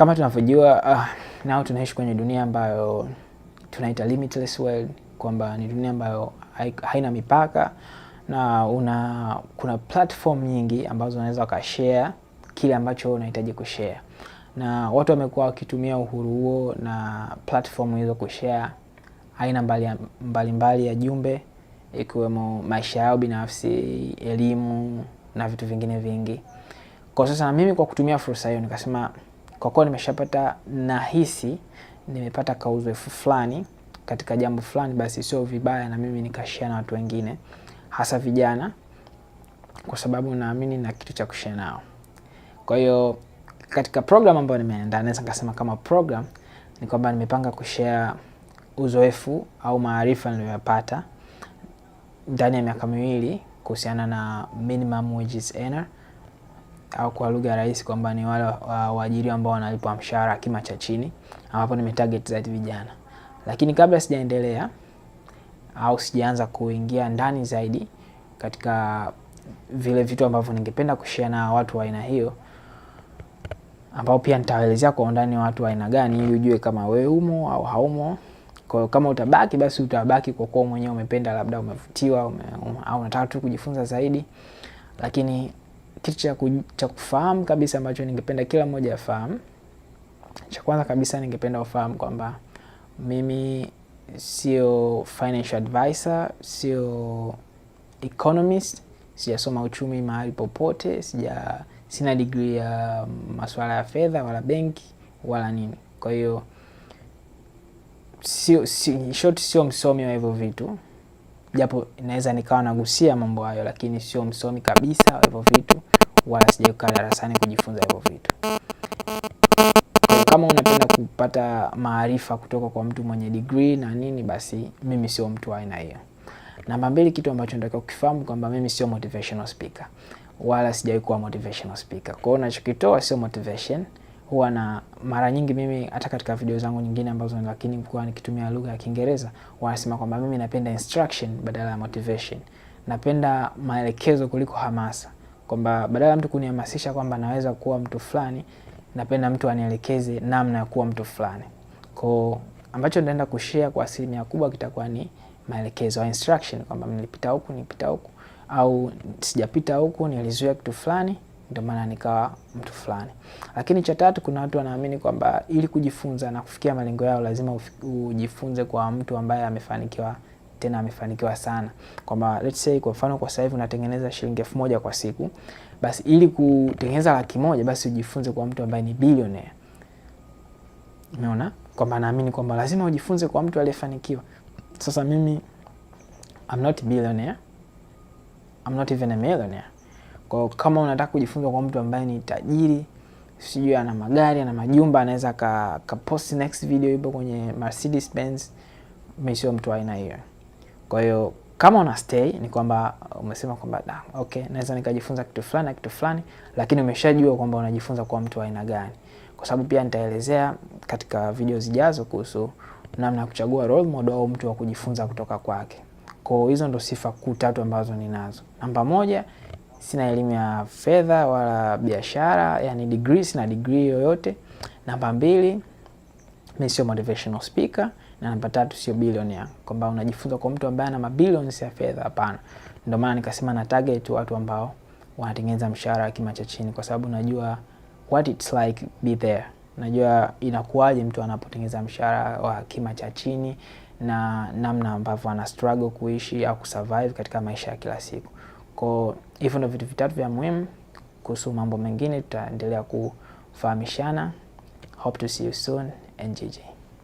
Kama tunavyojua uh, nao tunaishi kwenye dunia ambayo tunaita limitless world, kwamba ni dunia ambayo haina mipaka na una kuna platform nyingi ambazo unaweza ukashare kile ambacho unahitaji kushare, na watu wamekuwa wakitumia uhuru huo na platform hizo kushare aina mbalimbali mbali ya jumbe ikiwemo maisha yao binafsi, elimu na vitu vingine vingi. Kwa sasa na mimi kwa kutumia fursa hiyo nikasema kwa kuwa nimeshapata, nahisi nimepata kauzoefu fulani katika jambo fulani, basi sio vibaya na mimi nikashia na watu wengine, hasa vijana, kwa sababu naamini na kitu cha kushia nao. Kwa hiyo katika program ambayo nimeenda naweza nikasema kama program ni kwamba nimepanga kushare uzoefu au maarifa niliyoyapata ndani ya miaka miwili kuhusiana na minimum wages earner au kwa lugha rahisi kwamba ni wale waajiri ambao wanalipwa mshahara kima cha chini, ambapo nimetarget zaidi vijana. Lakini kabla sijaendelea au sijaanza kuingia ndani zaidi katika vile vitu ambavyo ningependa kushare na watu wa aina hiyo, ambao pia nitawaelezea kwa undani watu wa aina gani, ili ujue kama wewe umo au haumo. Kwa hiyo kama utabaki basi utabaki kwa kuwa mwenyewe umependa, labda umevutiwa ume, um, au unataka tu kujifunza zaidi, lakini kitu cha kufahamu kabisa ambacho ningependa kila mmoja afahamu, cha kwanza kabisa ningependa ufahamu kwamba mimi sio financial advisor, sio economist, sijasoma uchumi mahali popote, sija sina degree ya masuala ya fedha wala benki wala nini. Kwa hiyo sio, sio, short, sio msomi wa hivyo vitu japo naweza nikawa nagusia mambo hayo, lakini sio msomi kabisa wa hivyo vitu, wala sijakaa darasani kujifunza hivyo vitu. Kama unapenda kupata maarifa kutoka kwa mtu mwenye degree na nini, basi mimi sio mtu wa aina hiyo. Namba mbili, kitu ambacho nataka kukifahamu kwamba mimi sio motivational speaker, wala sijawahi kuwa motivational speaker. Kwa hiyo nachokitoa sio motivation huwa na mara nyingi mimi hata katika video zangu nyingine ambazo lakini kwa nikitumia lugha ya Kiingereza wanasema kwamba mimi napenda instruction badala ya motivation, napenda maelekezo kuliko hamasa, kwamba badala ya mtu kunihamasisha kwamba naweza kuwa mtu fulani, napenda mtu anielekeze namna ya kuwa mtu fulani. Kwa ambacho nitaenda kushare kwa asilimia kubwa kitakuwa ni maelekezo au instruction, kwamba nilipita huku nilipita huku, au sijapita huku, nilizuia kitu fulani ndio maana nikawa mtu fulani. Lakini cha tatu, kuna watu wanaamini kwamba ili kujifunza na kufikia malengo yao lazima ujifunze kwa mtu ambaye amefanikiwa tena amefanikiwa sana, kwamba let's say kwa mfano, kwa sasa hivi unatengeneza shilingi elfu moja kwa siku, basi ili kutengeneza laki moja basi ujifunze kwa mtu ambaye ni billionaire. Umeona kwamba naamini kwamba lazima ujifunze kwa mtu aliyefanikiwa. Sasa mimi I'm not billionaire, I'm not even a millionaire kwa kama unataka kujifunza kwa mtu ambaye ni tajiri, sijui ana magari, ana majumba, anaweza ka, ka post next video ipo kwenye Mercedes Benz, mimi sio mtu aina hiyo. Kwa hiyo kama una stay ni kwamba umesema kwamba da, okay, naweza nikajifunza kitu fulani na kitu fulani, lakini umeshajua kwamba unajifunza kwa mtu aina gani, kwa sababu pia nitaelezea katika video zijazo kuhusu namna ya kuchagua role model au mtu wa kujifunza kutoka kwake. Kwa hizo ndo sifa kuu tatu ambazo ninazo. Namba moja sina elimu ya fedha wala biashara, yani degree, sina degree yoyote. Namba mbili, mimi sio motivational speaker, na namba tatu sio billionaire, kwamba unajifunza kwa mtu ambaye ana mabillions ya fedha. Hapana, ndio maana nikasema na target watu ambao wanatengeneza mshahara wa kima cha chini, kwa sababu najua what it's like be there, najua inakuwaje mtu anapotengeneza mshahara wa kima cha chini na namna ambavyo ana struggle kuishi au kusurvive katika maisha ya kila siku. Kwa hivyo ndio vitu vitatu vya muhimu. Kuhusu mambo mengine tutaendelea kufahamishana. Hope to see you soon and